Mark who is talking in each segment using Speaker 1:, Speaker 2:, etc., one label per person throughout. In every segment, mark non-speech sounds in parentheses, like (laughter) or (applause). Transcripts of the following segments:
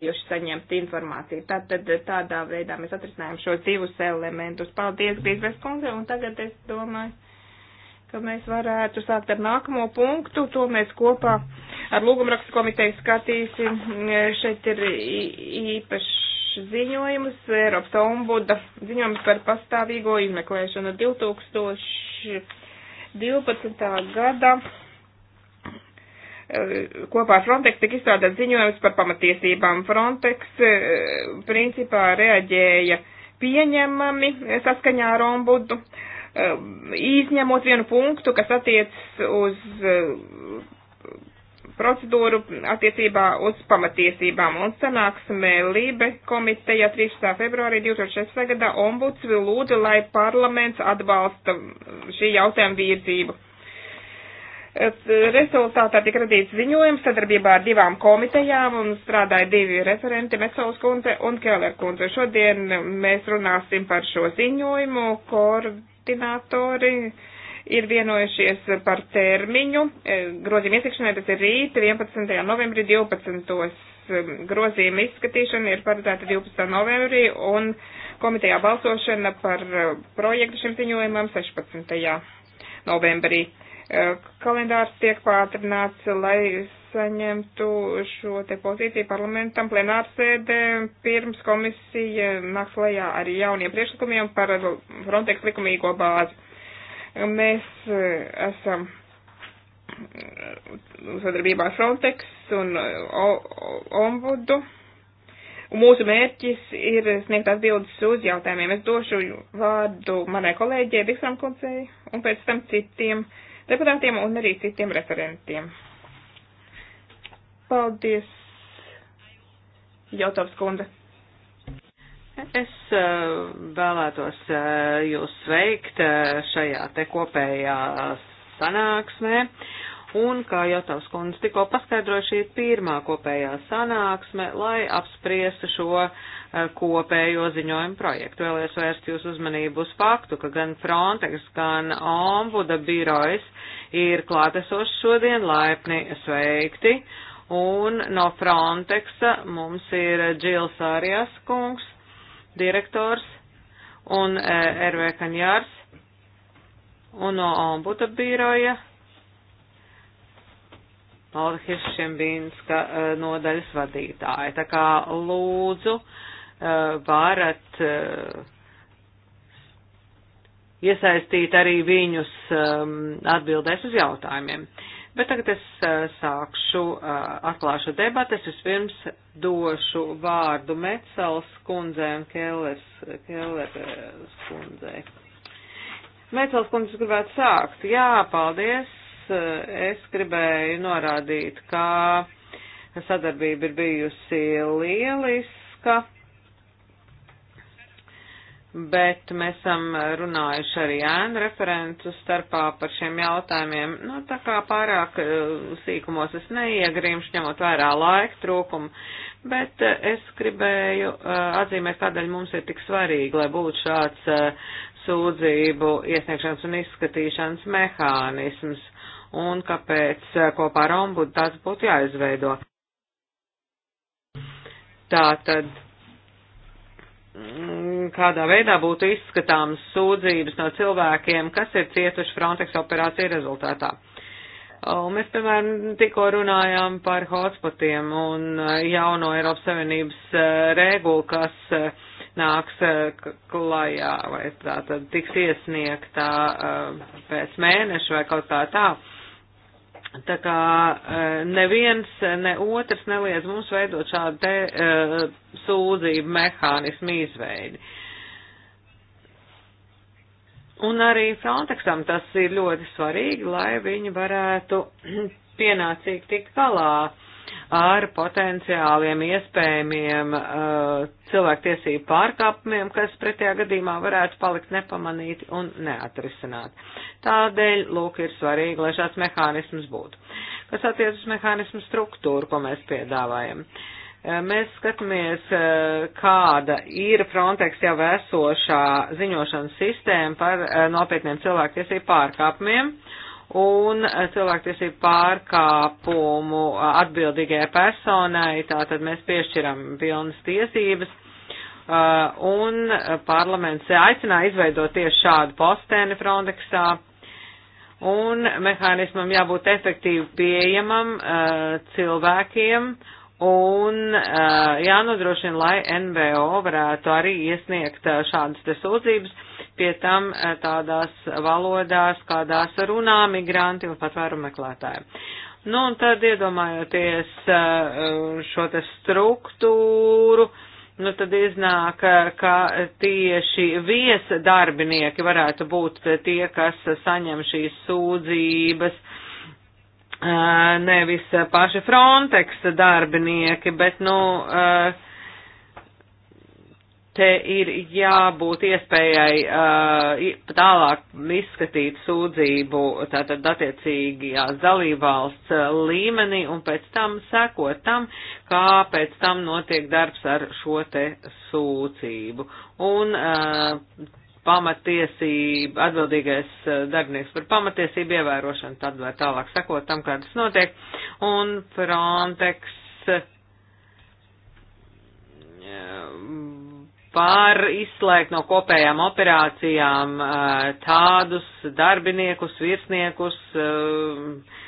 Speaker 1: spējuši saņemt informāciju. Tātad eh, tādā veidā mēs atrisinājām šos divus elementus. Paldies, Grīsbēs kundze, un tagad es domāju, ka mēs varētu sākt ar nākamo punktu, to mēs kopā ar lūgumrakstu komiteju skatīsim. Eh, šeit ir īpašs ziņojums, Eiropas ombuda ziņojums par pastāvīgo izmeklēšanu 2012. gada Eh, kopā ar Frontex tika izstrādāt ziņojums par pamatiesībām. Frontex eh, principā reaģēja pieņemami saskaņā ar ombudu, eh, izņemot vienu punktu, kas attiec uz procedūru attiecībā uz pamatiesībām. Un sanāksmē Lībe komiteja 13. februārī 2016. gadā ombuds lūdza, lai parlaments atbalsta šī jautājuma virzību Rezultātā tika radīts ziņojums sadarbībā ar divām komitejām un strādāja divi referenti, Mesols kundze un Keller kundze. Šodien mēs runāsim par šo ziņojumu. Koordinatori ir vienojušies par termiņu. E, grozījuma iesniegšanai tas ir rīt, 11. novembrī 12. E, grozījuma izskatīšana ir paredzēta 12. novembrī un komitejā balsošana par e, projektu šim ziņojumam 16. novembrī kalendārs tiek pātrināts, lai saņemtu šo te pozīciju parlamentam plenārsēdē pirms komisija nāks lejā ar jauniem priekšlikumiem par Frontex likumīgo bāzi. Mēs eh, esam eh, sadarbībā ar Frontex un eh, Ombudu. Mūsu mērķis ir sniegt atbildes uz jautājumiem. Es došu vārdu manai kolēģei Bifram Kuncei un pēc tam citiem uh, deputātiem un arī citiem referentiem. Paldies, Jautovs kundze.
Speaker 2: Es eh, vēlētos eh, jūs sveikt eh, šajā te kopējā sanāksmē Un, kā jau tavs kundze tikko paskaidroja, šī ir pirmā kopējā sanāksme, lai apspriestu šo eh, kopējo ziņojumu projektu. Vēlēs vērst jūs uzmanību uz faktu, ka gan Frontex, gan Ombuda birojas ir klātesoši šodien laipni sveikti. Un no Frontexa mums ir Džils Arias kungs, direktors, un Ervē eh, Kaņārs, un no Ombuda biroja Malda Hiršembīnska eh, nodaļas vadītāja. Tā kā lūdzu, eh, varat eh, iesaistīt arī viņus ehm, atbildēs uz jautājumiem. Bet tagad es sākšu, atklāšu debates. Vispirms došu vārdu Mecels kundzei un Kellers, Kellers kundzei. Mecels kundzes gribētu sākt. Jā, paldies Eh, es gribēju norādīt, ka sadarbība ir bijusi lieliska, bet mēs esam runājuši arī ēnu referentu starpā par šiem jautājumiem. Nu, tā kā pārāk eh, sīkumos es neiegrimšu, ņemot vērā laika trūkumu, bet eh, es gribēju atzīmēt, kādēļ mums ir tik svarīgi, lai būtu šāds sūdzību iesniegšanas un izskatīšanas mehānisms un kāpēc eh, kopā ar ombudu tāds būtu jāizveido. Tātad, mm, kādā veidā būtu izskatāmas sūdzības no cilvēkiem, kas ir cietuši Frontex operācija rezultātā. Un mēs, piemēram, tikko runājām par hotspotiem un eh, jauno Eiropas Savienības eh, regulu, kas nāks klajā vai tā tad tiks iesniegta pēc mēneša vai kaut kā tā. tā Tā kā e, neviens, ne otrs neliedz mums veidot šādu te uh, sūdzību mehānismu izveidi. Un arī Frontexam tas ir ļoti svarīgi, lai viņi varētu (clears throat) pienācīgi tikt galā ar potenciāliem iespējamiem uh, cilvēktiesību pārkāpumiem, kas pretējā gadījumā varētu palikt nepamanīti un neatrisināt. Tādēļ, lūk, ir svarīgi, lai šāds mehānisms būtu. Kas attiec uz mehānismu struktūru, ko mēs piedāvājam? Eh, mēs skatāmies, eh, kāda ir Frontex jau esošā ziņošanas sistēma par nopietniem cilvēktiesību pārkāpumiem. Uh, un cilvēktiesību pārkāpumu atbildīgajai personai, tātad mēs piešķiram pilnas tiesības, uh, un parlaments aicināja izveidot tieši šādu posteni Frontexā, un mehānismam jābūt efektīvi pieejamam uh, cilvēkiem, un uh, jānodrošina, lai NVO varētu arī iesniegt šādas te sūdzības pie tam e, tādās valodās, kādās runā migranti un patvēru meklētāji. Nu, un tad iedomājoties e, e, šo te struktūru, nu, tad iznāk, ka tieši viesdarbinieki varētu būt tie, kas saņem šīs sūdzības, nevis paši Frontex darbinieki, bet, nu, te ir jābūt iespējai uh, tālāk izskatīt sūdzību tātad attiecīgajās dalībvalsts uh, līmenī un pēc tam sekot tam, kā pēc tam notiek darbs ar šo te sūdzību. Un uh, pamatiesība, atbildīgais uh, darbinieks par pamatiesību ievērošanu, tad var tālāk sekot tam, kā tas notiek. Un Frontex uh, par izslēgt no kopējām operācijām eh, tādus darbiniekus, virsniekus, eh,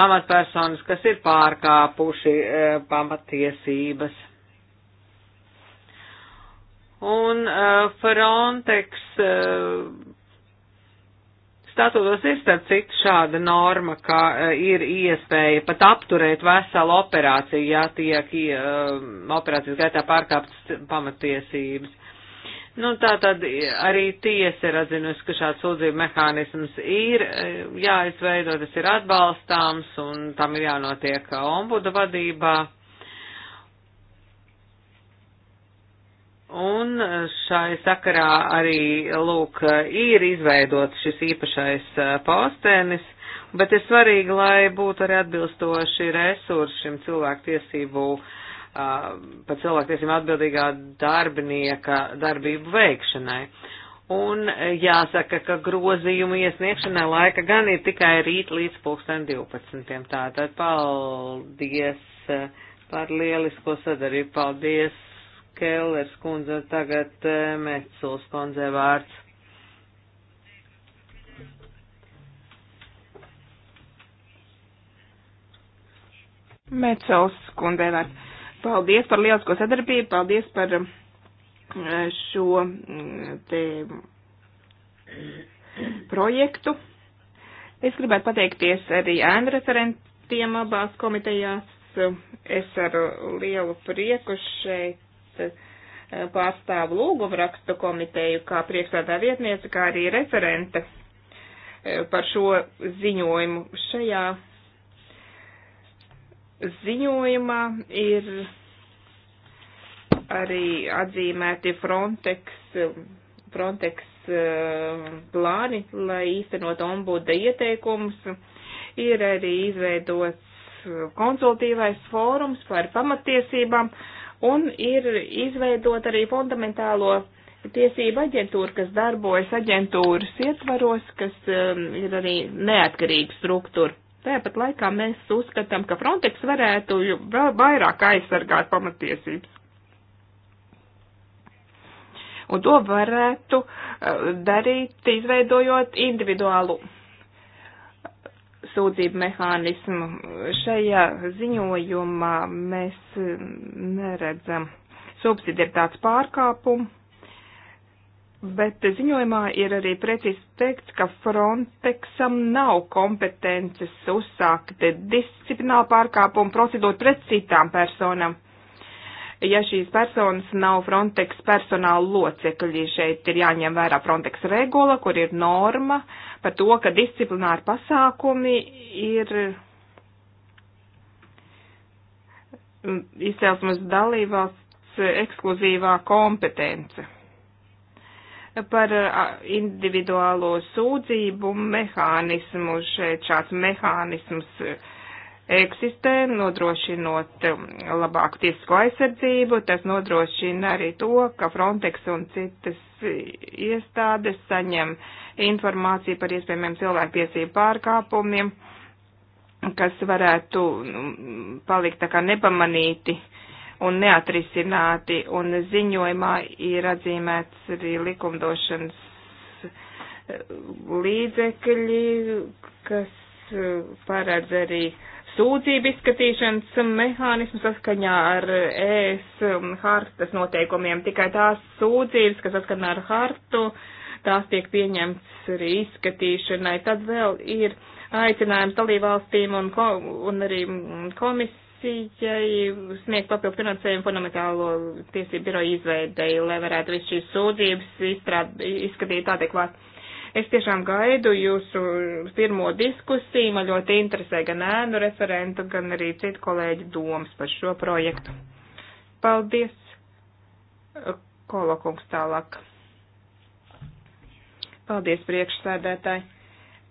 Speaker 2: amatpersonas, kas ir pārkāpuši eh, pamatiesības. Un Frontex statūtos ir starp citu šāda norma, ka e, ir iespēja pat apturēt veselu operāciju, ja tiek e, operācijas gaitā pārkāptas pamatiesības. Nu, tā tad arī tiesa ir atzinusi, ka šāds sūdzību mehānisms ir e, jāizveido, tas ir atbalstāms un tam ir jānotiek ombuda vadībā. Un e, šai sakarā arī, lūk, e, ir izveidots šis īpašais e, postenis, bet ir svarīgi, lai būtu arī atbilstoši resursi šim cilvēktiesību, pa cilvēktiesību atbildīgā darbinieka darbību veikšanai. Un jāsaka, ka grozījumu iesniegšanai laika gan ir tikai rīt līdz pulksten 12. Tātad paldies par lielisko sadarību, paldies Kellers kundze, tagad eh, Meculs kundze vārds.
Speaker 1: Mecels kundze vārds. Paldies par lielisko sadarbību, paldies par eh, šo mm, te projektu. Es gribētu pateikties arī ēnu referentiem abās komitejās. Es ar lielu prieku šeit Eh, pārstāvu lūgumu rakstu komiteju, kā priekšstādā vietniece, kā arī referente eh, par šo ziņojumu. Šajā ziņojumā ir arī atzīmēti Frontex, Frontex eh, plāni, lai īstenot ombuda ieteikumus. Ir arī izveidots konsultīvais fórums par pamatiesībām. Uh, un ir izveidot arī fundamentālo tiesību aģentūru, kas darbojas aģentūras ietvaros, kas um, ir arī neatkarīga struktūra. Tāpat laikā mēs uzskatām, ka Frontex varētu vēl vairāk aizsargāt pamatiesības. Un to varētu uh, darīt, izveidojot individuālu sūdzību mehānismu. Šajā ziņojumā mēs mm, neredzam subsidiaritātes pārkāpumu, bet ziņojumā ir arī precīzi teikts, ka Frontexam nav kompetences uzsākt disciplinālu pārkāpumu procedūru pret citām personām. Ja šīs personas nav Frontex personāla locekļi, šeit ir jāņem vērā Frontex regula, kur ir norma, uh, par to, ka disciplināri pasākumi ir mm, izcelsmes dalībvalsts ekskluzīvā kompetence. Par individuālo sūdzību mehānismu šeit šāds mehānisms uh, eksistē, nodrošinot um, labāku tiesisko aizsardzību. Tas nodrošina arī to, ka Frontex un citas iestādes saņem informāciju par iespējamiem cilvēktiesību pārkāpumiem, kas varētu nu, palikt tā kā nepamanīti un neatrisināti, un ziņojumā ir atzīmēts arī likumdošanas uh, līdzekļi, kas paredz arī sūdzību izskatīšanas mehānismu saskaņā ar ES hartas noteikumiem. Tikai tās sūdzības, kas saskaņā ar hartu, tās tiek pieņemts arī izskatīšanai. Tad vēl ir aicinājums dalībvalstīm un, ko, un arī komisijai sniegt papildu finansējumu fundamentālo tiesību biroju izveidēju, lai varētu visu šīs sūdzības izstrād, izskatīt adekvāti Es tiešām gaidu jūsu pirmo diskusiju. Man ļoti interesē gan ēnu referentu, gan arī citu kolēģu domas par šo projektu. Paldies, Kolokungs tālāk. Paldies, priekšsēdētāji.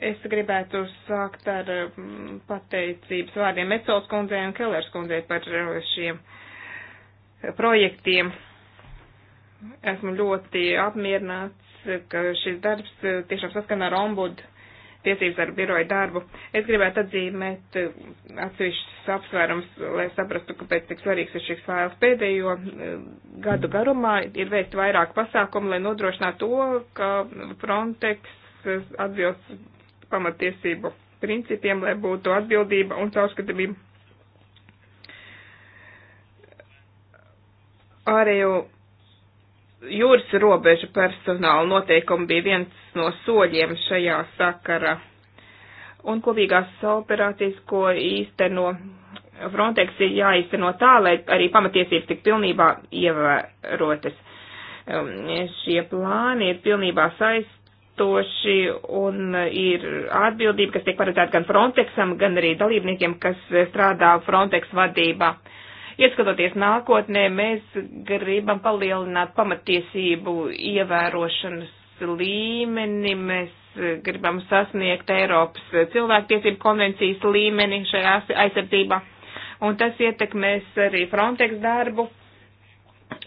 Speaker 1: Es gribētu sākt ar mm, pateicības vārdiem Mecols kundzei un Kellers kundzei par eh, šiem projektiem. Esmu ļoti apmierināts ka šis darbs eh, tiešām saskana ar ombudu tiesības ar biroju darbu. Es gribētu atzīmēt eh, atsevišķus apsvērums, lai saprastu, kāpēc tik svarīgs ir šis fails. Pēdējo eh, gadu garumā ir veikt vairāk pasākumu, lai nodrošinātu to, ka Frontex atbilst pamatiesību principiem, lai būtu atbildība un caurskatāmība. Ārējo jūras robeža personāla noteikumi bija viens no soļiem šajā sakara. Un kopīgās operācijas, ko īsteno Frontex, ir jāīsteno tā, lai arī pamatiesības tik pilnībā ievērotas. Um, šie plāni ir pilnībā saistoši un ir atbildība, kas tiek paredzēta gan Frontexam, gan arī dalībniekiem, kas strādā Frontex vadībā. Uh, Ieskatoties nākotnē, mēs gribam palielināt pamatiesību ievērošanas līmeni, mēs gribam sasniegt Eiropas cilvēktiesību konvencijas līmeni šajā aizsardzībā. Un tas ietekmēs arī Frontex darbu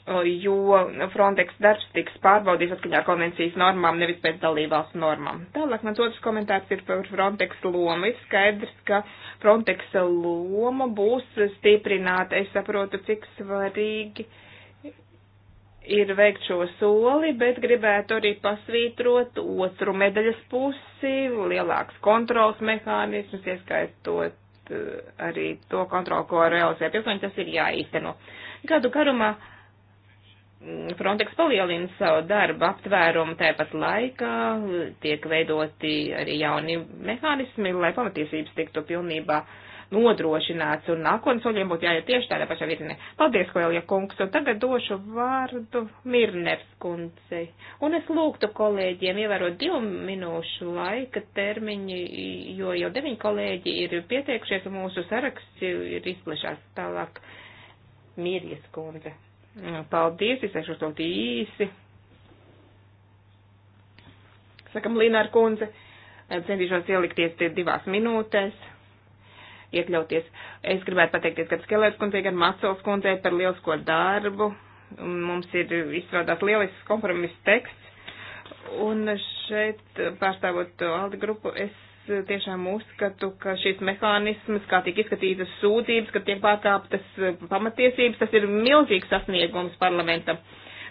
Speaker 1: Uh, jo Frontex darbs tiks pārbaudīts atskaņā ar konvencijas normām, nevis pēc dalībvalstu normām. Tālāk mans otrs komentārs ir par Frontex lomu. Ir skaidrs, ka Frontex loma būs stiprināta. Es saprotu, cik svarīgi ir veikt šo soli, bet gribētu arī pasvītrot otru medaļas pusi, lielāks kontrols mehānismus, ieskaitot uh, arī to kontroli, ko realizē pilsoņi, tas ir jāīsteno. Gadu garumā Mm, Frontex palielina savu darbu aptvērumu, tāpat laikā tiek veidoti arī jauni mehānismi, lai pamatiesības tiktu pilnībā nodrošināts un nākotnes soļiem būtu jāiet tieši tādā pašā virzienā. Paldies, Koelija kungs, un tagad došu vārdu Mirners kundzei. Un es lūgtu kolēģiem ievērot divu minūšu laika termiņu, jo jau deviņi kolēģi ir pieteikušies un mūsu saraksts ir izplešās tālāk. Mirjas kundze. Paldies, izteikšu to īsi. Sakam, Līnāra kundze, centīšos ielikties tie divās minūtēs, iekļauties. Es gribētu pateikties gan Skelērs kundzei, gan Macels kundzei par lielisko darbu. Mums ir izstrādāts lielisks kompromiss teksts. Un šeit, pārstāvot Aldi grupu, es tiešām uzskatu, ka šis mehānisms, kā tiek izskatītas sūdzības, ka tiek pārkāptas eh, pamatiesības, tas ir milzīgs sasniegums parlamentam.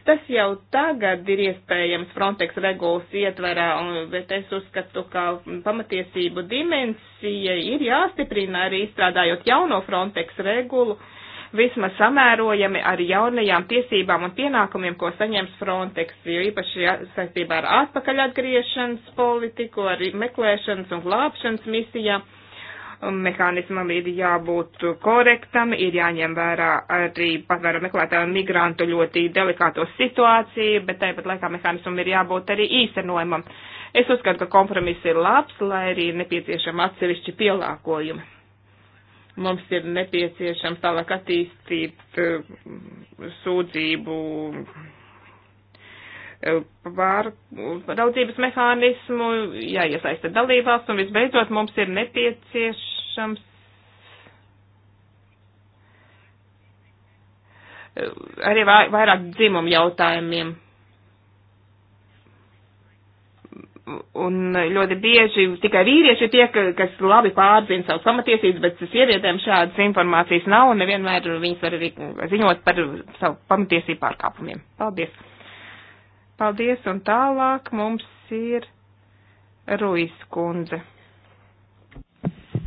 Speaker 1: Tas jau tagad ir iespējams Frontex regulas ietverā, un, bet es uzskatu, ka pamatiesību dimensija ir jāstiprina arī izstrādājot jauno Frontex regulu. Uh, vismaz samērojami ar jaunajām tiesībām un pienākumiem, ko saņems Frontex, jo īpaši saistībā ar atpakaļ atgriešanas politiku, ar meklēšanas un glābšanas misijām mehānismam ir jābūt korektam, ir jāņem vērā arī patvēru meklētāju un migrantu ļoti delikāto situāciju, bet tāpat laikā mehānismam ir jābūt arī īstenojumam. Es uzskatu, ka kompromiss ir labs, lai arī nepieciešama atsevišķi pielākojumi. Mums ir nepieciešams tālāk attīstīt eh, sūdzību eh, pārraudzības mehānismu, jāiesaista dalībvalsts, un visbeidzot mums ir nepieciešams eh, arī vairāk dzimumu jautājumiem Un ļoti bieži tikai vīrieši ir tie, kas labi pārzina savas pamatiesības, bet sievietēm šādas informācijas nav un nevienmēr viņas var arī ziņot par savu pamatiesību pārkāpumiem. Paldies! Paldies, un tālāk mums ir Ruiz kundze.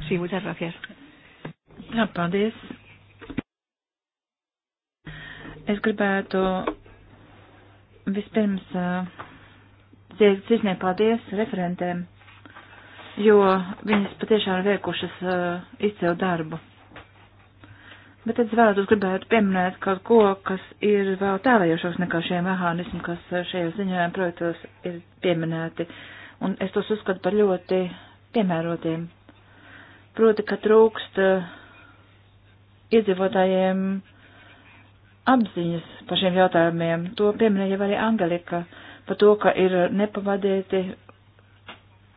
Speaker 1: Sī, muchas gracias.
Speaker 3: Jā, paldies. Es gribētu vispirms uh, Sirsnīgi paldies referentēm, jo viņas patiešām ir veikušas uh, izcilu darbu. Bet tad es vēlētos gribētu pieminēt kaut ko, kas ir vēl tālējošos nekā šie mehānismi, kas eh, šajos ziņojuma projektos ir pieminēti, un es tos uzskatu par ļoti piemērotiem. Proti, ka trūkst eh, iedzīvotājiem apziņas par šiem jautājumiem. To pieminēja arī Angelika. Uh, par to, ka ir nepavadēti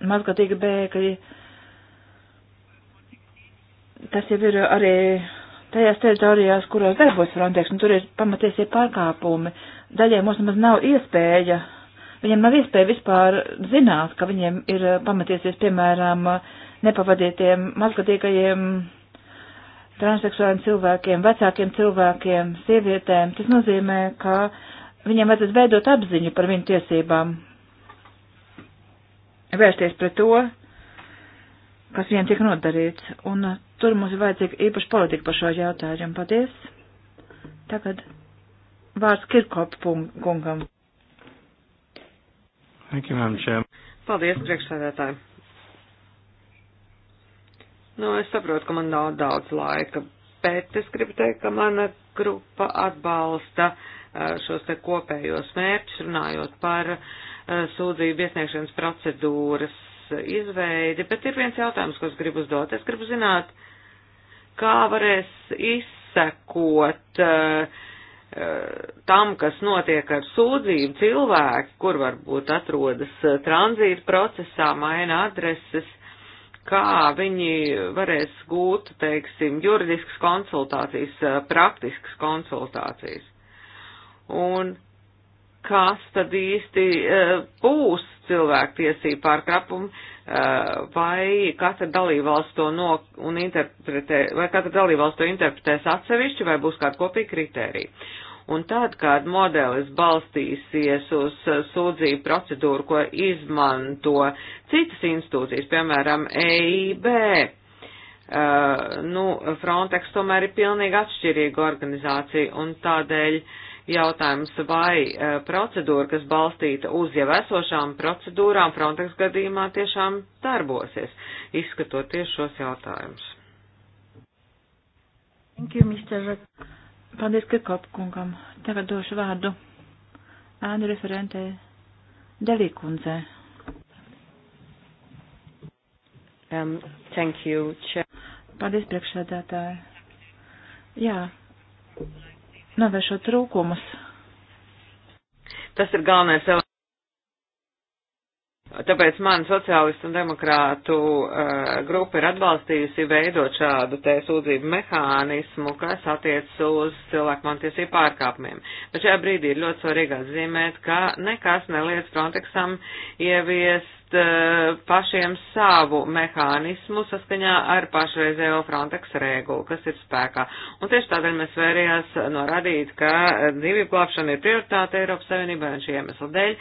Speaker 3: mazgatīgi bēgļi. Tas jau ir arī tajās teritorijās, kurās darbojas Frontex, un tur ir pamatiesība pārkāpumi. Daļai mums nemaz nav iespēja, viņiem nav iespēja vispār zināt, ka viņiem ir pamatiesies, piemēram, nepavadītiem mazgadīgajiem transseksuāliem cilvēkiem, vecākiem cilvēkiem, sievietēm. Tas nozīmē, ka uh, viņiem vajadzētu veidot apziņu par viņu tiesībām, vērsties pret to, kas viņiem tiek nodarīts, un uh, tur mums ir vajadzīga īpaša politika par šo jautājumu. Paldies! Tagad vārds Kirkop kungam.
Speaker 1: Thank you, Madam Chair.
Speaker 3: Paldies,
Speaker 2: priekšsēdētāji. Nu, es saprotu, ka man nav daudz laika, bet es gribu teikt, ka mana grupa atbalsta uh, Uh, šos te kopējos mērķus, runājot par uh, sūdzību iesniegšanas procedūras izveidi, bet ir viens jautājums, ko es gribu uzdot. Es gribu zināt, kā varēs izsekot uh, uh tam, kas notiek ar sūdzību, cilvēki, kur varbūt atrodas tranzīta procesā, maina adreses, kā viņi varēs gūt, teiksim, juridiskas konsultācijas, praktiskas konsultācijas un kas tad īsti eh, būs cilvēktiesību pārkāpumi, eh, vai katra dalībvalsts to no un interpretē, vai katra dalībvalsts to interpretēs atsevišķi, vai būs kāda kopīga kritērija. Un tad, kad modelis balstīsies uz eh, sūdzību procedūru, ko izmanto citas institūcijas, piemēram, EIB, uh, nu, Frontex tomēr ir pilnīgi atšķirīga organizācija, un tādēļ uh, jautājums, vai e, procedūra, kas balstīta uz jau esošām procedūrām, Frontex gadījumā tiešām darbosies, izskatot tieši šos jautājumus.
Speaker 3: Paldies, Kirkopkungam. Tagad došu vārdu ēnu referentē Delīkundzē. Um, thank you, Chair. Paldies, priekšsēdētāji. Jā, novēršot trūkumus.
Speaker 2: Tas ir galvenais elements. Tāpēc man sociālistu un demokrātu uh, grupa ir atbalstījusi veidot šādu te sūdzību mehānismu, kas attiec uz cilvēkmantiesību pārkāpumiem. Bet šajā brīdī ir ļoti svarīgi atzīmēt, ka nekas neliec Frontexam ievies Eh, pašiem savu mehānismu saskaņā ar pašreizējo Frontex regulu, kas ir spēkā. Un tieši tādēļ mēs vērījās norādīt, ka dzīvību glābšana ir prioritāte Eiropas Savienībā un šī iemesla dēļ.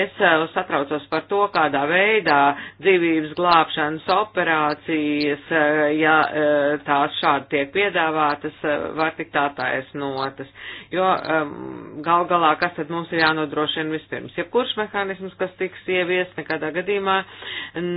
Speaker 2: Es eh, satraucos par to, kādā veidā dzīvības glābšanas operācijas, eh, ja tās šādi tiek piedāvātas, var tikt attaisnotas. Jo ehm, gal galā, kas tad mums ir jānodrošina vispirms? Jebkurš mehānisms, kas tiks ievies, nekādā gadījumā gadījumā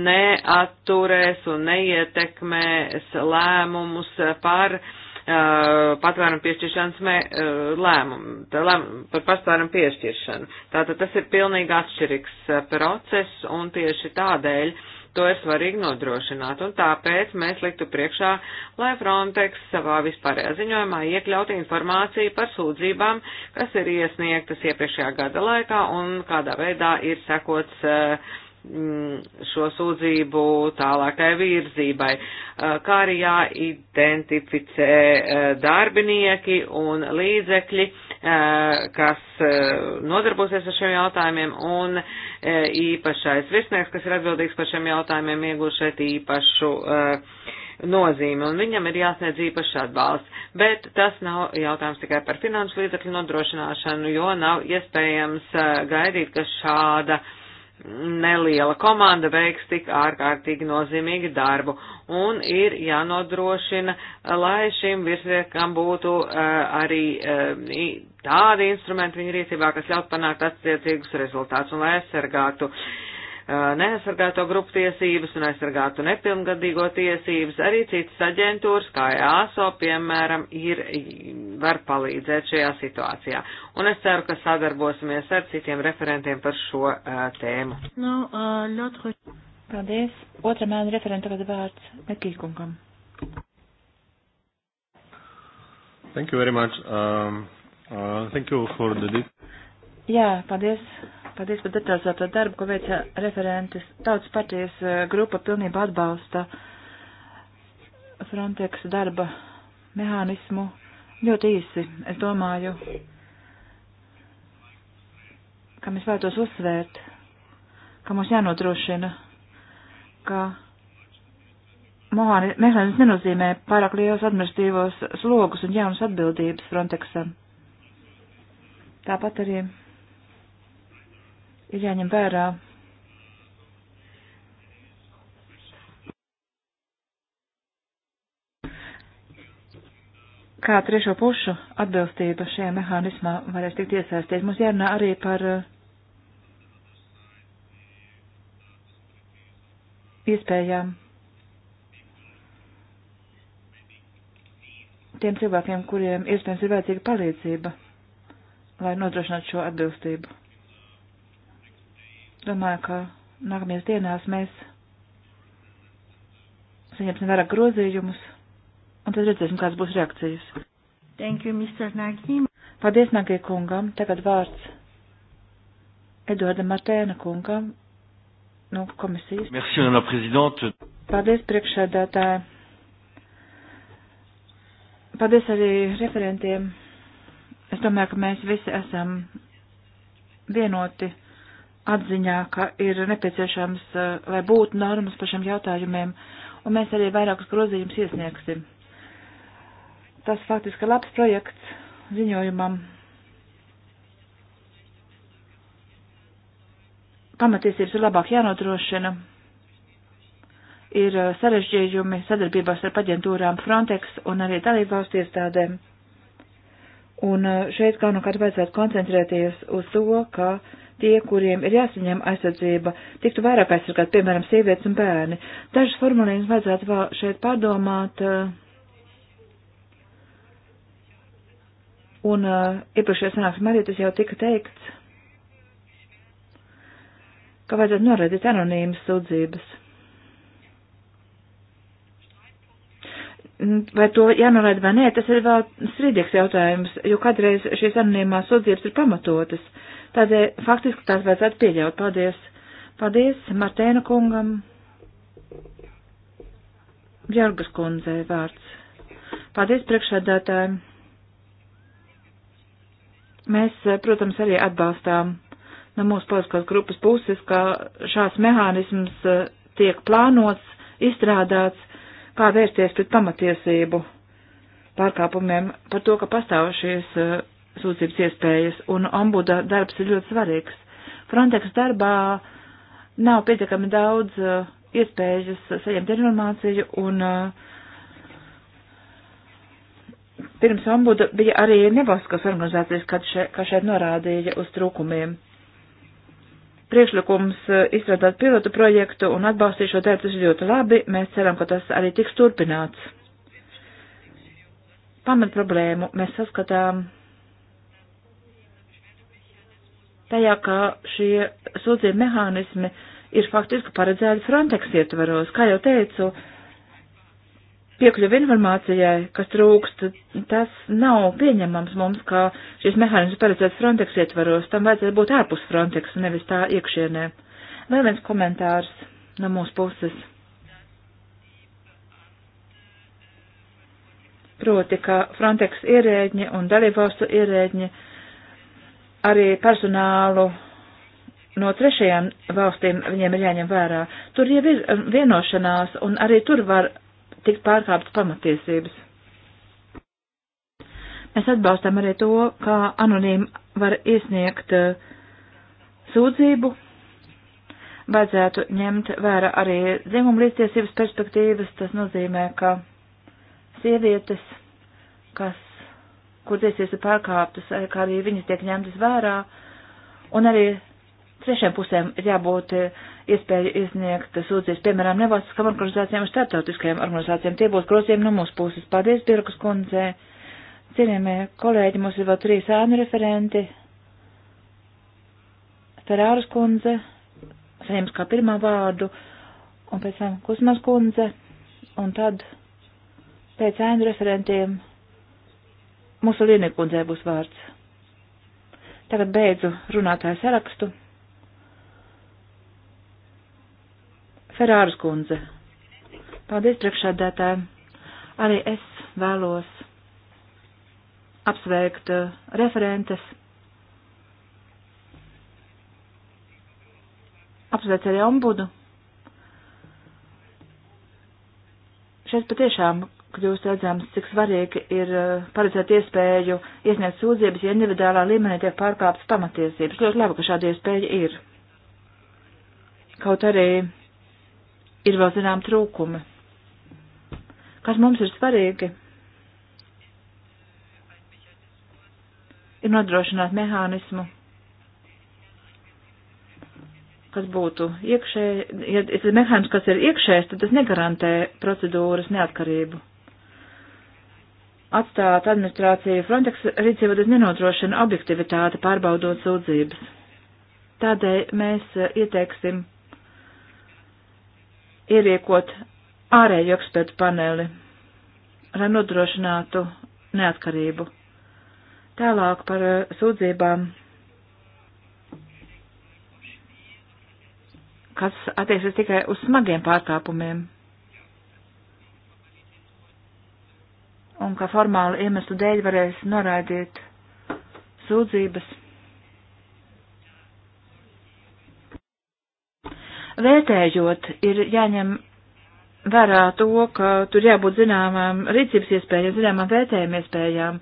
Speaker 2: neatturēs un neietekmēs lēmumus par Uh, patvērumu piešķiršanas mē, uh, lēmumu, lēmumu, par patvērumu piešķiršanu. Tātad tas ir pilnīgi atšķirīgs uh, process un tieši tādēļ to ir svarīgi nodrošināt. Un tāpēc mēs liktu priekšā, lai Frontex savā vispārējā ziņojumā iekļautu informāciju par sūdzībām, kas ir iesniegtas iepriekšējā gada laikā un kādā veidā ir sekots uh, Mm, šo sūdzību tālākai virzībai, kā arī jāidentificē darbinieki un līdzekļi, kas nodarbosies ar šiem jautājumiem, un īpašais virsnieks, kas ir atbildīgs par šiem jautājumiem, iegūšēt īpašu nozīmi, un viņam ir jāsniedz īpašs atbalsts. Bet tas nav jautājums tikai par finanšu līdzekļu nodrošināšanu, jo nav iespējams gaidīt, ka šāda uh, neliela komanda veiks tik ārkārtīgi nozīmīgu darbu un ir jānodrošina, lai šim virsniekam būtu uh, arī uh, tādi instrumenti viņa rīcībā, kas ļaut panākt attiecīgus rezultātus un lai aizsargātu uh, neaizsargāto grupu tiesības un aizsargātu nepilngadīgo tiesības. Arī citas aģentūras, kā e ASO, piemēram, ir, var palīdzēt šajā situācijā. Un es ceru, ka sadarbosimies ar citiem referentiem par šo uh, tēmu.
Speaker 3: No, uh, ļotru. Paldies. Otra mēna referenta tagad vārds Nekīkungam.
Speaker 1: Thank you very much. Um, uh, thank you
Speaker 2: for the...
Speaker 3: Jā, paldies Paldies par detalizēto darbu, ko veica referentes. Tautas partijas eh, grupa pilnībā atbalsta Frontex darba mehānismu. Ļoti īsi, es domāju, ka mēs vēlētos uzsvērt, ka mums jānodrošina, ka mehānisms nenozīmē pārāk liels administratīvos slogus un jaunas atbildības Frontexam. Tāpat arī ir jāņem vērā kā trešo pušu atbilstība šajā mehānismā varēs tikt iesaistīt. Mums jārunā arī par uh, iespējām tiem cilvēkiem, kuriem iespējams ir vajadzīga palīdzība, lai nodrošinātu šo atbilstību. Domāju, ka nākamajās dienās mēs saņemsim vairāk grozījumus, un tad redzēsim, kādas būs reakcijas. Thank you, Mr. Nagim. Paldies, Nagie kungam. Tagad vārds Eduardam Martēna kungam no komisijas. Merci, Madame la
Speaker 2: Présidente.
Speaker 3: Paldies, priekšsēdētāji. Paldies arī referentiem. Es domāju, ka mēs visi esam vienoti atziņā, ka ir nepieciešams, eh, lai būtu normas par šiem jautājumiem, un mēs arī vairākus grozījumus iesniegsim. Tas faktiski labs projekts ziņojumam. Pamatiesības ir labāk jānodrošina. Ir eh, sarežģījumi sadarbībās ar paģentūrām Frontex un arī dalībvalstu iestādēm. Un eh, šeit galvenokārt vajadzētu koncentrēties uz to, ka uh, tie, kuriem ir jāsaņem aizsardzība, tiktu vairāk aizsargāt, piemēram, sievietes un bērni. Dažas formulējums vajadzētu vēl šeit pārdomāt. Un uh, iepriekšējā sanāksmē arī tas jau tika teikts, ka vajadzētu noraidīt anonīmas sūdzības. vai to jānorāda vai nē, tas ir vēl strīdīgs jautājums, jo kādreiz šīs anonīmās sūdzības ir pamatotas. Tādēļ faktiski tās vajadzētu pieļaut. Paldies! Paldies Martēna kungam! Bjorgas kundzei vārds. Paldies priekšsēdētājiem! Mēs, eh, protams, arī atbalstām no mūsu politiskās grupas puses, ka šāds mehānisms eh, tiek plānots, izstrādāts, kā vērsties pret pamatiesību pārkāpumiem, par to, ka pastāv šīs uh, sūdzības iespējas, un ombuda darbs ir ļoti svarīgs. Frontex darbā nav pietiekami daudz uh, iespējas saņemt informāciju, un uh, pirms ombuda bija arī nevalstiskas organizācijas, kad še, šeit norādīja uz trūkumiem priekšlikums eh, izstrādāt pilotu projektu un atbalstīt šo tēlu, tas ir ļoti labi. Mēs ceram, ka tas arī tiks turpināts. Pamat problēmu mēs saskatām tajā, ka šie sūdzību mehānismi ir faktiski paredzēti Frontex ietvaros. Kā jau teicu, uh, piekļuvi informācijai, kas trūkst, tas nav pieņemams mums, kā šis mehānisms paredzēts Frontex ietvaros. Tam vajadzētu būt ārpus Frontex, nevis tā iekšienē. Vēl viens komentārs no mūsu puses. Proti, ka Frontex ierēģi un dalībvalstu ierēģi arī personālu no trešajām valstīm viņiem ir jāņem vērā. Tur jau ir vienošanās, un arī tur var tikt pārkāptas pamatiesības. Mēs atbalstam arī to, kā anonīmi var iesniegt uh, sūdzību. Vajadzētu ņemt vērā arī dzimuma līdztiesības perspektīvas. Tas nozīmē, ka sievietes, kas, kur tiesības ir pārkāptas, eh, kā arī viņas tiek ņemtas vērā, un arī trešajām pusēm ir jābūt eh, iespēja iesniegt sūdzības, piemēram, nevalstiskām organizācijām un starptautiskajām organizācijām. Tie būs grozījumi no mūsu puses. Paldies, Birkas kundze. Cienījamie kolēģi, mums ir vēl trīs ānu referenti. Ferāras kundze saņems kā pirmā vārdu, un pēc tam Kusmas kundze, un tad pēc ānu referentiem Musolīni kundzei būs vārds. Tagad beidzu runātāju sarakstu. Ferāras kundze. Paldies, priekšādētāji. Arī es vēlos apsveikt uh, referentes. Apsveic arī ombudu. Šeit patiešām kļūst redzams, cik svarīgi ir uh, paredzēt iespēju iesniegt sūdzības, ja individuālā līmenī tiek pārkāptas pamatiesības. Ļoti labi, ka šāda iespēja ir. Kaut arī ir vēl zinām trūkumi. Kas mums ir svarīgi? Ir nodrošināt mehānismu, kas būtu iekšēji, ja ir mehānisms, kas ir iekšējs, tad tas negarantē procedūras neatkarību. Atstāt administrāciju Frontex rīcību tas nenodrošina objektivitāti pārbaudot sūdzības. Tādēļ mēs uh, ieteiksim ieriekot ārēju ekspertu paneli, lai nodrošinātu neatkarību. Tālāk par eh, sūdzībām, kas attiecas tikai uz smagiem pārkāpumiem. Un ka formāli iemeslu dēļ varēs noraidīt sūdzības. Vērtējot, ir jāņem vērā to, ka tur jābūt zināmām rīcības iespējām, zināmām vērtējuma iespējām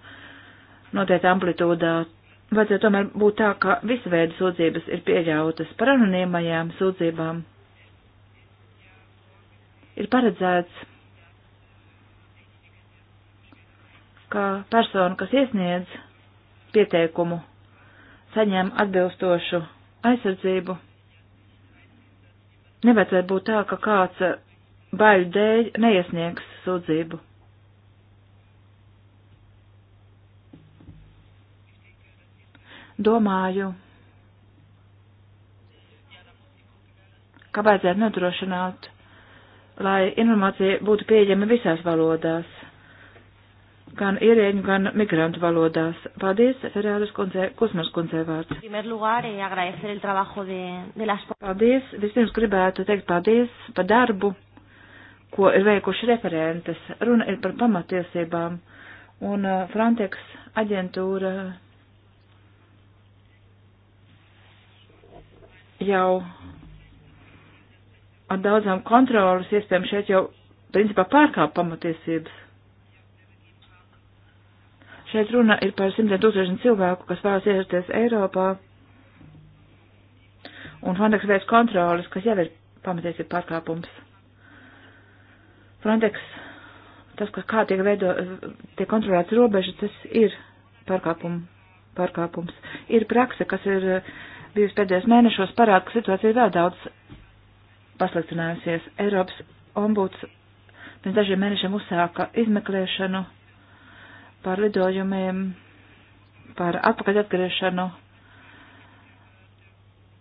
Speaker 3: noteikti amplitūdā. Vajadzētu tomēr būt tā, ka visu veidu sūdzības ir pieļautas par anonīmajām sūdzībām. Ir paredzēts, ka persona, kas iesniedz pieteikumu, saņem atbilstošu aizsardzību. Nevajadzētu būt tā, ka kāds eh, baļu dēļ neiesniegs sūdzību. Domāju, ka vajadzētu nodrošināt, lai informācija būtu pieejama visās valodās gan ierēģu, gan migrantu valodās. Paldies, Ferēras kundze, Kusmas kundze vārds. Eh, paldies, vispirms gribētu teikt paldies par darbu, ko ir veikuši referentes. Runa ir par pamatiesībām, un eh, Frontex aģentūra jau ar daudzām kontrolas iespējām šeit jau principā pārkāp pamatiesības Šeit runa ir par simtiem tūkstošiem cilvēku, kas vēlas ierasties Eiropā, un Frontex veids kontrolas, kas jau ir pamaties ir pārkāpums. Frontex, tas, ka kā tiek, veido, tiek kontrolēts robežas, tas ir pārkāpum, pārkāpums. Ir prakse, kas ir eh, bijusi pēdējos mēnešos parāda, ka situācija ir vēl daudz pasliktinājusies. Eiropas ombuds pirms dažiem mēnešiem uzsāka izmeklēšanu par lidojumiem, par atpakaļ atgriešanu.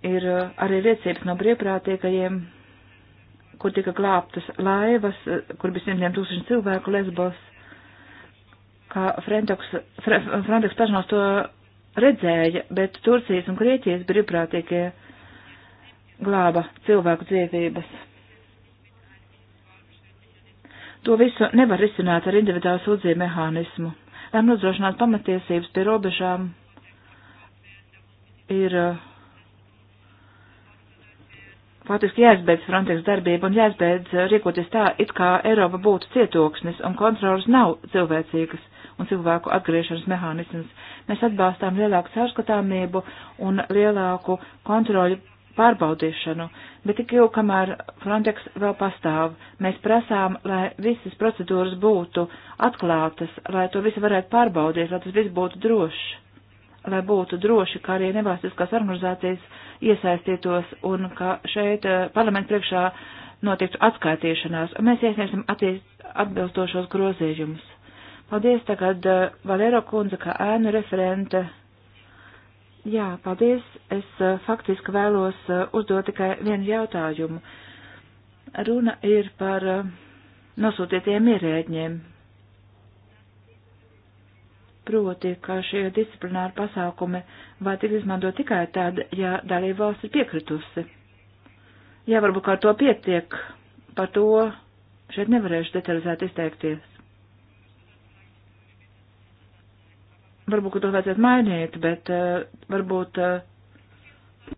Speaker 3: Ir uh, arī liecības no brīvprātīgajiem, kur tika glābtas laivas, uh, kur bija simtiem tūkstoši cilvēku lesbos, kā Frontex Fre, personāls to redzēja, bet Turcijas un Grieķijas brīvprātīgie glāba cilvēku dzīvības. To visu nevar risināt ar individuālu sūdzību mehānismu lai nodrošinātu pamatiesības pie robežām, ir eh, faktiski jāizbeidz Frontex darbība un jāizbeidz eh, rīkoties tā, it kā Eiropa būtu cietoksnis un kontrolas nav cilvēcīgas un cilvēku atgriešanas mehānisms. Mēs atbalstām lielāku caurskatāmību un lielāku kontroļu pārbaudīšanu, bet tik jau, kamēr Frontex vēl pastāv, mēs prasām, lai visas procedūras būtu atklātas, lai to visu varētu pārbaudīt, lai tas viss būtu drošs, lai būtu droši, kā arī nevalstiskās organizācijas iesaistītos un ka šeit eh, parlamentu priekšā notiktu atskaitīšanās, un mēs iesniegsim atbilstošos grozījumus. Paldies tagad eh, Valero kundze, kā ēnu referente Jā, paldies. Es eh, faktiski vēlos eh, uzdot tikai vienu jautājumu. Runa ir par eh, nosūtītiem ierēģiem. Proti, ka šie disciplināri pasākumi var tikt izmantot tikai tad, ja dalība valsts ir piekritusi. Jā, varbūt ar to pietiek, par to šeit nevarēšu detalizēt izteikties. varbūt, ka to vajadzētu mainīt, bet uh, varbūt, uh,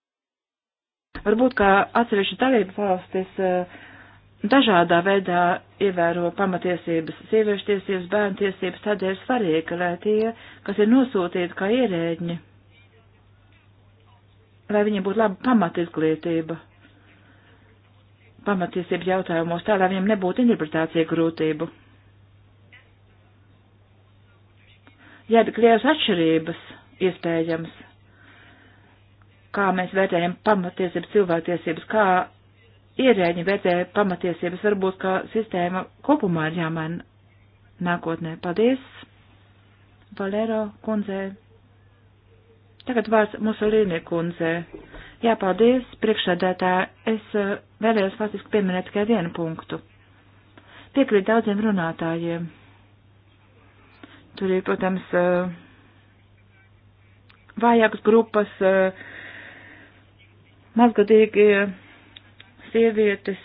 Speaker 3: varbūt, kā atsevišķi dalību valstis uh, dažādā veidā ievēro pamatiesības, sieviešu tiesības, bērnu tiesības, tādēļ svarīgi, lai tie, kas ir nosūtīti kā ierēģi, lai viņiem būtu laba pamatizglītība pamatiesību jautājumos, tā lai viņiem nebūtu interpretācija grūtību. Jā, tik lielas atšķirības iespējams, kā mēs vērtējam pamatiesības, cilvēktiesības, kā ierēģi vērtē pamatiesības, varbūt, ka sistēma kopumā ir jāmaina nākotnē. Paldies, Valero kundzei. Tagad vārds Musolīni kundze. Jā, paldies, priekšsēdētā. Es eh, vēlējos faktiski pieminēt tikai vienu punktu. Piekrīt daudziem runātājiem. Tur ir, protams, eh, vājākas grupas, eh, mazgadīgie sievietes,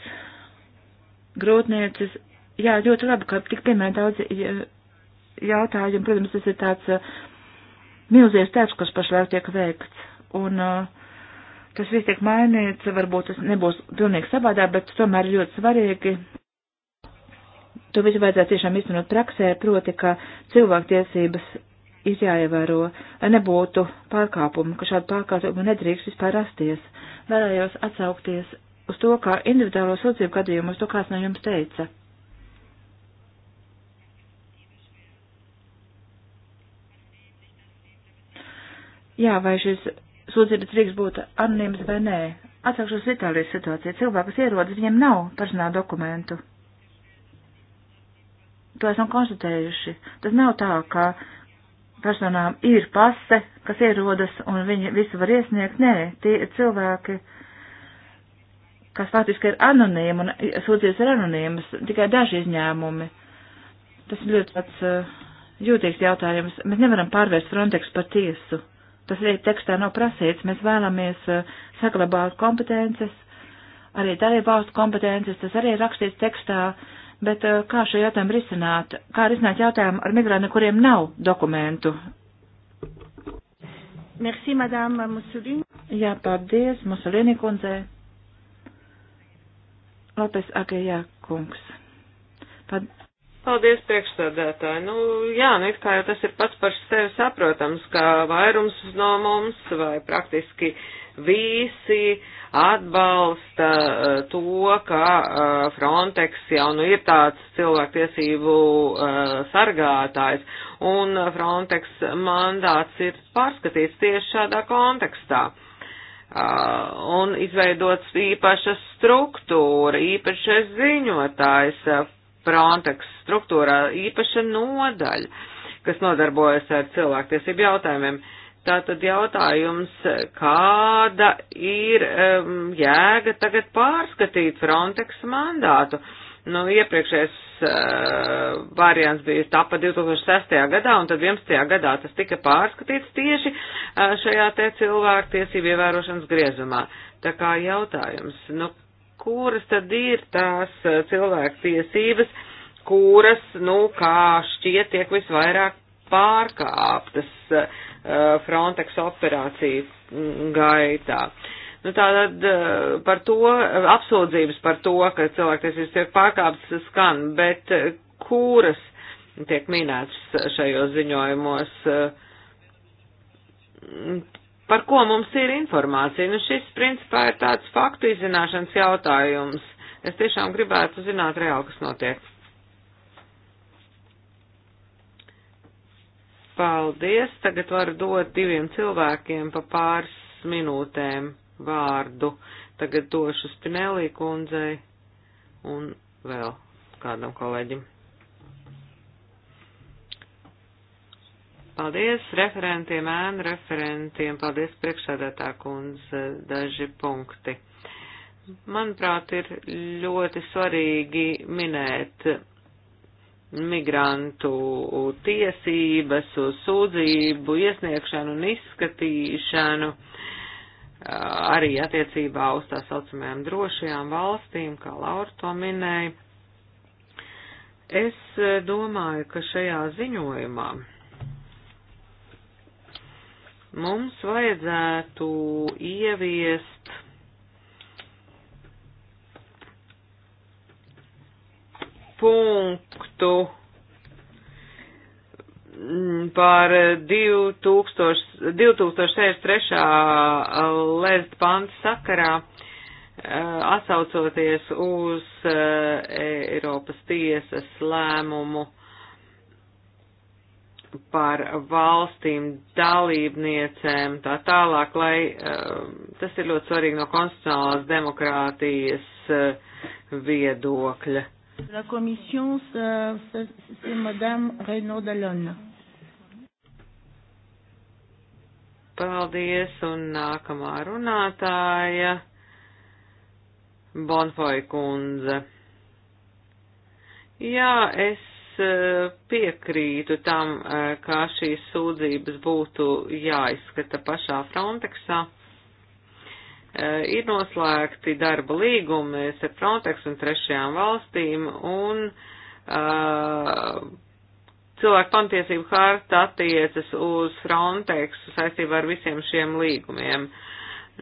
Speaker 3: grūtniecis. Jā, ļoti labi, ka tik piemēra daudz jautājumu. Protams, tas ir tāds eh, milzīgs darbs, kas pašlaik tiek veikts. Un tas viss tiek mainīts, varbūt tas nebūs pilnīgi savādāk, bet tomēr ļoti svarīgi to visu vajadzētu tiešām iztenot praksē, proti, ka cilvēktiesības ir jāievēro, lai nebūtu pārkāpumu, ka šādu pārkāpumu nedrīkst vispār rasties. Vēlējos atsaukties uz to, kā individuālo sūdzību gadījumu, uz to kāds no jums teica. Jā, vai šis sūdzības drīkst būt anonīms vai nē. Atsaukšos Itālijas situācija. Cilvēki, kas ierodas, viņiem nav personāla dokumentu to esam konstatējuši. Tas nav tā, ka personām ir pase, kas ierodas un viņi visu var iesniegt. Nē, tie ir cilvēki, kas faktiski ir anonīmi un sūdzies ir anonīmas, tikai daži izņēmumi. Tas ir ļoti tāds uh, jūtīgs jautājums. Mēs nevaram pārvērst Frontex par tiesu. Tas arī tekstā nav prasīts. Mēs vēlamies uh, saglabāt kompetences, arī dalībvalstu kompetences. Tas arī ir rakstīts tekstā. Uh, Bet eh, kā šo jautājumu risināt? Kā risināt jautājumu ar migrāni, kuriem nav dokumentu? Merci, madame Musulini. Jā, paldies, Musulini kundze. Lopes Agajā kungs. Pad...
Speaker 2: Paldies, priekšsādētāji. Nu, jā, nu, it kā jau tas ir pats par sevi saprotams, ka vairums no mums vai praktiski visi uh, atbalsta eh, to, ka eh, Frontex jau nu ir tāds cilvēktiesību eh, sargātājs, un Frontex mandāts ir pārskatīts tieši šādā kontekstā. Un izveidots īpaša struktūra, īpašais ziņotājs Frontex struktūrā, īpaša nodaļa, kas nodarbojas ar cilvēktiesību jautājumiem. Uh, Tātad jautājums, kāda ir um, jēga tagad pārskatīt Frontex mandātu? Nu, iepriekšējais uh, variants bija tapa 2006. gadā, un tad 11. gadā tas tika pārskatīts tieši uh, šajā te cilvēku tiesību ievērošanas griezumā. Tā kā jautājums, nu, kuras tad ir tās uh, cilvēku tiesības, kuras, nu, kā šķiet, tiek visvairāk pārkāptas? Uh, Uh, Frontex operāciju mm, gaitā. Nu, tātad uh, par to apsūdzības par to, ka cilvēktiesības tiek pārkāptas skan, bet uh, kuras tiek minētas šajos ziņojumos? Par ko mums ir informācija? Nu, šis principā ir tāds faktu izzināšanas jautājums. Es tiešām gribētu zināt reāli, kas notiek. Paldies. Tagad varu dot diviem cilvēkiem pa pāris minūtēm vārdu. Tagad došu Spinelī kundzei un vēl kādam kolēģim. Paldies referentiem, ēnu referentiem, paldies priekšsēdētā kundze, daži punkti. Manuprāt, ir ļoti svarīgi minēt migrantu tiesības uz sūdzību iesniegšanu un izskatīšanu, arī attiecībā uz tā saucamajām drošajām valstīm, kā Laura to minēja. Es domāju, ka šajā ziņojumā mums vajadzētu ieviest punktu mm, par 2063. lēst pants sakarā, eh, atsaucoties uz eh, Eiropas tiesas lēmumu par valstīm, dalībniecēm, tā tālāk, lai eh, tas ir ļoti svarīgi no konstitucionālās demokrātijas viedokļa.
Speaker 3: La komisija ir Madame Renaud Dalona.
Speaker 2: Paldies, un nākamā runātāja Bonfoy kundze. Jā, es eh, piekrītu tam, eh, ka šīs sūdzības būtu jāizskata pašā Frontexā Eh, ir noslēgti darba līgumi ar Frontex un trešajām valstīm, un uh, cilvēku pamtiesību harta attiecas uz Frontex saistībā ar visiem šiem līgumiem.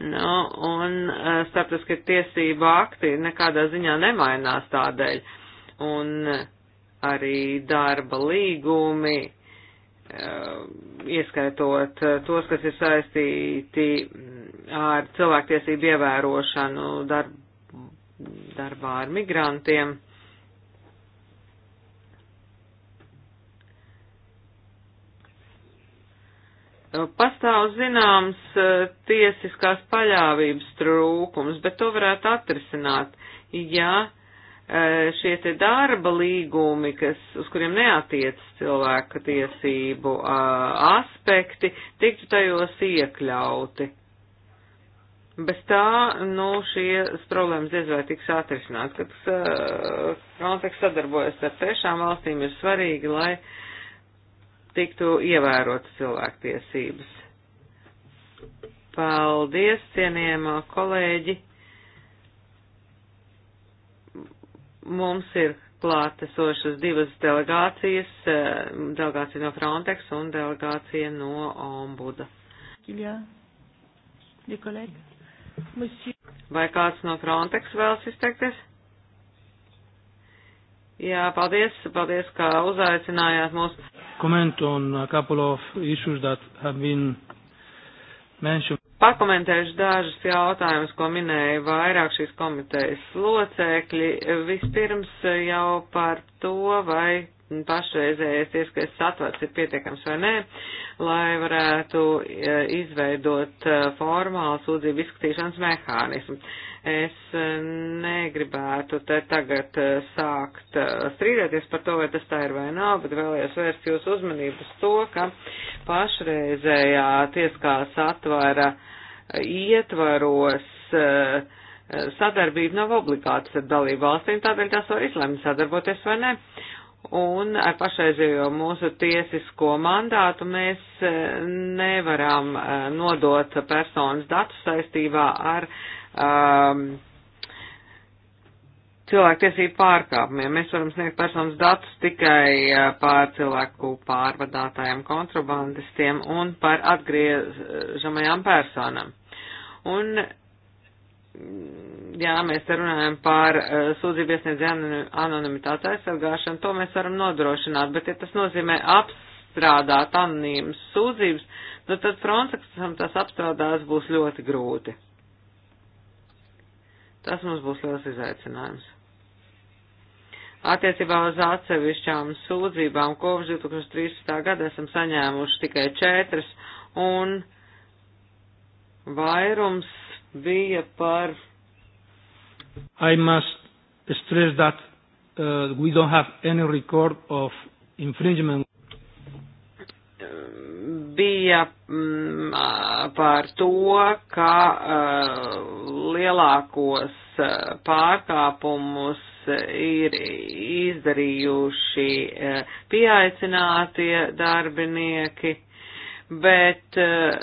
Speaker 2: Nu, un uh, starptautiskie tiesība akti nekādā ziņā nemainās tādēļ. Un arī darba līgumi Uh, ieskaitot uh, tos, kas ir saistīti mm, ar cilvēktiesību ievērošanu darb, darbā ar migrantiem. Uh, pastāv zināms tiesiskās paļāvības trūkums, bet to varētu atrisināt, ja Eh, šie te darba līgumi, kas, uz kuriem neatiec cilvēka tiesību eh, aspekti, tiktu tajos iekļauti. Bez tā, nu, šie problēmas diez vai tiks atrisināt, kad eh, Frontex sadarbojas ar trešām valstīm, ir svarīgi, lai tiktu ievērotas cilvēktiesības. Paldies, cienījamā kolēģi! Mums ir klātesošas divas delegācijas, eh, delegācija no Frontex un delegācija no Ombuda. Vai kāds no Frontex vēlas izteikties? Jā, paldies, paldies, ka uzaicinājāt mūs. Comment on a couple of issues that have been mentioned. Pakomentēšu dažus jautājumus, ko minēja vairāk šīs komitejas locekļi. Vispirms jau par to, vai pašreizējais tieskais satvars ir pietiekams vai nē, lai varētu e, izveidot e, formālu sūdzību izskatīšanas mehānismu. Es e, negribētu te tagad sākt strīdēties par to, vai tas tā ir vai nav, bet vēlējos vērst jūsu uzmanību uz to, ka pašreizējā tieskā satvara uh, ietvaros eh, sadarbība nav obligāta ar dalību valstīm, tādēļ tās var izlemt sadarboties vai ne. Un ar pašreizējo mūsu tiesisko mandātu mēs eh, nevaram eh, nodot personas datus saistībā ar um, cilvēktiesību pārkāpumiem. Mēs varam sniegt personas datus tikai par cilvēku pārvadātājiem, kontrabandistiem un par atgriežamajām personām. Un, jā, mēs te runājam par uh, sūdzību iesniedzēju anonimitātes aizsargāšanu, to mēs varam nodrošināt, bet ja tas nozīmē apstrādāt anonīmas sūdzības, nu tad Frontexam tas apstrādās būs ļoti grūti. Tas mums būs liels izaicinājums attiecībā uz atsevišķām sūdzībām kopš 2013. gada esam saņēmuši tikai četras, un Vairums bija par. I must stress that uh, we don't have any record of infringement. Bija mm, par to, ka uh, lielākos uh, pārkāpumus ir izdarījuši uh, pieaicinātie darbinieki, bet uh,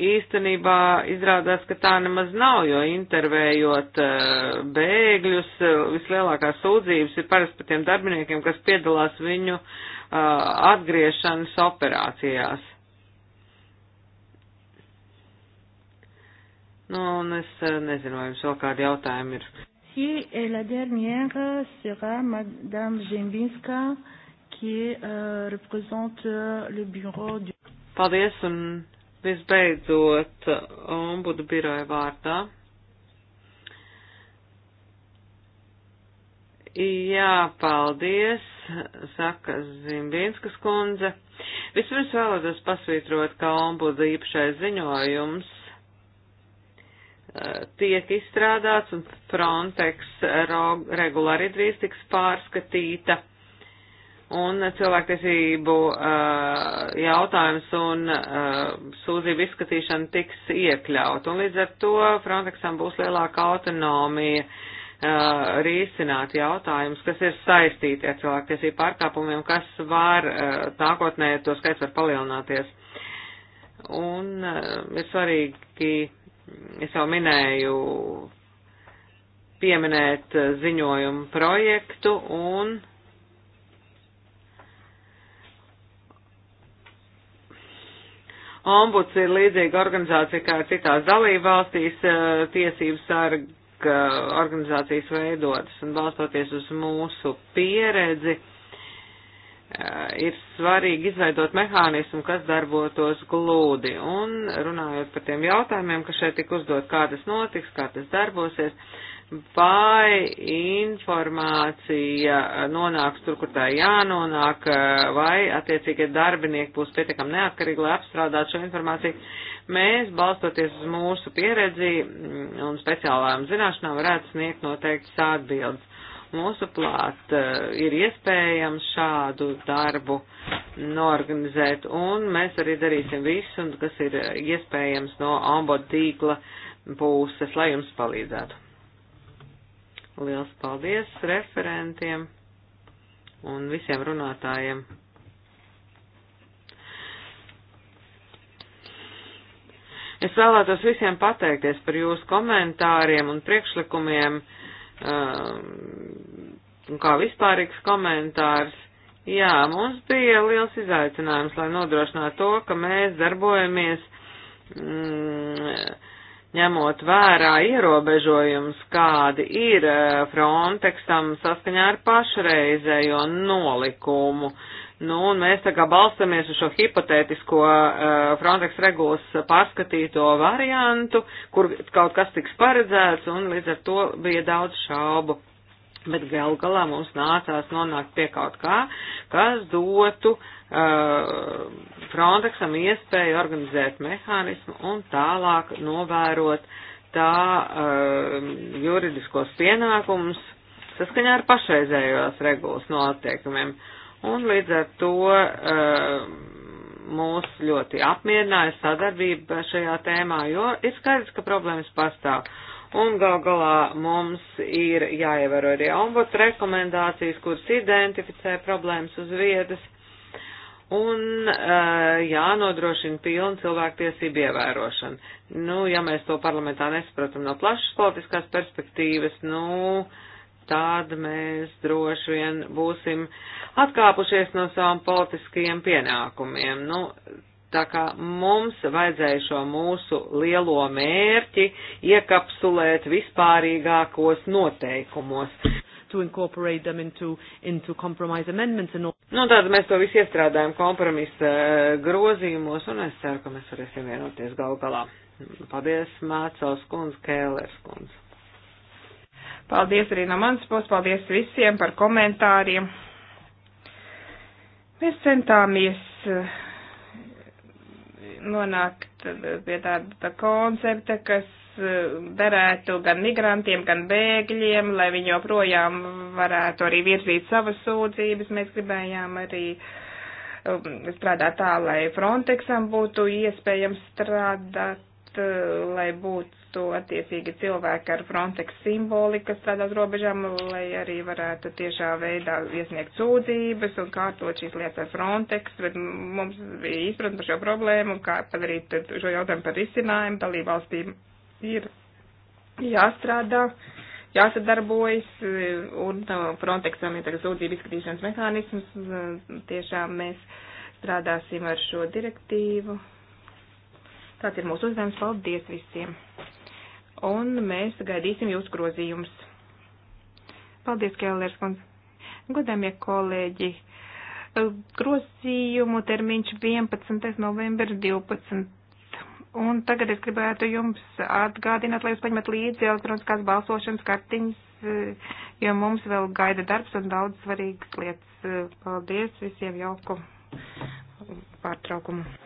Speaker 2: īstenībā izrādās, ka tā nemaz nav, jo intervējot eh, bēgļus, eh, vislielākās sūdzības ir parasti par tiem darbiniekiem, kas piedalās viņu eh, atgriešanas operācijās. Nu, un es nezinu, vai jums vēl kādi jautājumi ir.
Speaker 3: Si, et la dernière sera Madame Zembinska, qui euh, représente euh, le bureau du...
Speaker 2: Paldies, un Visbeidzot, ombudu biroja vārdā. Jā, paldies, saka Zimbīnskas kundze. Vispirms vēlētos pasvītrot, ka ombuda īpašais ziņojums eh, tiek izstrādāts un Frontex regulāri drīz tiks pārskatīta Un cilvēktiesību uh, jautājums un uh, sūdzību izskatīšana tiks iekļaut. Un līdz ar to Frontexam būs lielāka autonomija uh, rīcināt jautājumus, kas ir saistīti ar cilvēktiesību pārkāpumiem, kas var uh, nākotnē, to skaits var palielināties. Un uh, ir svarīgi, es jau minēju, pieminēt uh, ziņojumu projektu un Ombuds ir līdzīga organizācija kā citās dalībvalstīs, eh, tiesības sarga organizācijas veidotas un balstoties uz mūsu pieredzi eh, ir svarīgi izveidot mehānismu, kas darbotos glūdi. Un runājot par tiem jautājumiem, kas šeit tik uzdot, kā tas notiks, kā tas darbosies, vai informācija nonāks tur, kur tā jānonāk, vai attiecīgie darbinieki būs pietiekami neatkarīgi, lai apstrādātu šo informāciju. Mēs, balstoties uz mūsu pieredzi un speciālām zināšanām, varētu sniegt noteikts atbildes. Mūsuprāt, eh, ir iespējams šādu darbu norganizēt, un mēs arī darīsim visu, kas ir iespējams no ombudu tīkla puses, lai jums palīdzētu. Liels paldies referentiem un visiem runātājiem. Es vēlētos visiem pateikties par jūsu komentāriem un priekšlikumiem, um, un kā vispārīgs komentārs. Jā, mums bija liels izaicinājums, lai nodrošinātu to, ka mēs darbojamies. Mm, ņemot vērā ierobežojums, kādi ir eh, Frontexam saskaņā ar pašreizējo nolikumu. Nu, un mēs tā kā balstamies uz šo hipotētisko uh, Frontex regulas pārskatīto variantu, kur kaut kas tiks paredzēts, un līdz ar to bija daudz šaubu. Bet gal galā mums nācās nonākt pie kaut kā, kas dotu uh, Uh, Frontexam iespēju organizēt mehānismu un tālāk novērot tā uh, juridiskos pienākumus saskaņā ar pašreizējos regulas noteikumiem. Un līdz ar to uh, mūs ļoti apmierināja sadarbība šajā tēmā, jo ir skaidrs, ka problēmas pastāv. Un gal galā mums ir jāievēro arī ombuds rekomendācijas, kuras identificē problēmas uz vietas un uh, jānodrošina pilna cilvēktiesību ievērošana. Nu, ja mēs to parlamentā nesaprotam no plašas politiskās perspektīvas, nu, tad mēs droši vien būsim atkāpušies no savām politiskajiem pienākumiem. Nu, tā kā mums vajadzēja šo mūsu lielo mērķi iekapsulēt vispārīgākos noteikumos to incorporate them into, into compromise amendments. And all. Nu, tātad mēs to visu iestrādājam kompromisa eh, grozījumos, un es ceru, ka mēs varēsim vienoties gal galā. Paldies, Mācels kundze, Kēlers kundze. Paldies
Speaker 1: arī no manas puses, paldies visiem par komentāriem. Mēs centāmies eh, nonākt eh, pie tāda koncepta, kas derētu gan migrantiem, gan bēgļiem, lai viņi joprojām varētu arī virzīt savas sūdzības. Mēs gribējām arī um, strādāt tā, lai Frontexam būtu iespējams strādāt, uh, lai būtu attiecīgi cilvēki ar Frontex simboli, kas strādā uz robežām, lai arī varētu tiešā veidā iesniegt sūdzības un kārtot šīs lietas ar Frontex, bet mums bija izpratne par šo problēmu, kā padarīt šo jautājumu par risinājumu dalībvalstīm ir jāstrādā, jāsadarbojas, un Frontexam ir tagad sūdzību izskatīšanas mehānisms. E, tiešām mēs strādāsim ar šo direktīvu. Tāds ir mūsu uzdevums. Paldies visiem! Un mēs gaidīsim jūsu grozījumus. Paldies, Kēlērs kundze! Godāmie kolēģi! E, grozījumu termiņš 11. novembra 12. Un tagad es gribētu jums atgādināt, lai jūs paņemat līdzi elektroniskās balsošanas kartiņas, jo mums vēl gaida darbs un daudz svarīgas lietas. Paldies visiem jauku pārtraukumu.